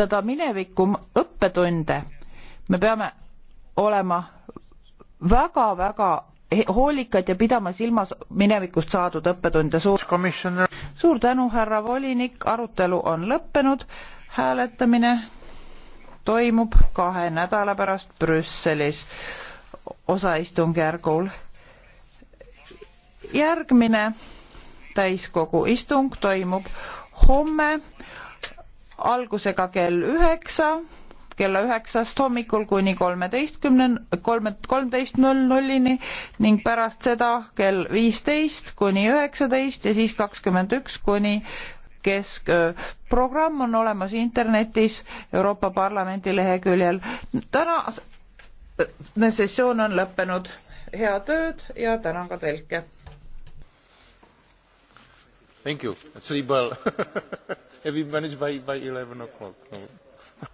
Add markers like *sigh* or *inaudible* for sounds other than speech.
kasutada mineviku õppetunde. me peame olema väga väga hoolikad ja pidama silmas minevikust saadud õppetunde. suur tänu, härra volinik, arutelu on lõppenud, hääletamine toimub kahe nädala pärast Brüsselis osaistungjärgul. järgmine täiskogu istung toimub homme algusega kell üheksa, kella üheksast hommikul kuni kolmeteistkümne, kolme, kolmteist null nullini ning pärast seda kell viisteist kuni üheksateist ja siis kakskümmend üks kuni kesköö. programm on olemas internetis Euroopa Parlamendi leheküljel. tänane sessioon on lõppenud. head ööd ja tänan ka tõlke! thank you. three bell. *laughs* have you managed by by eleven o'clock? No.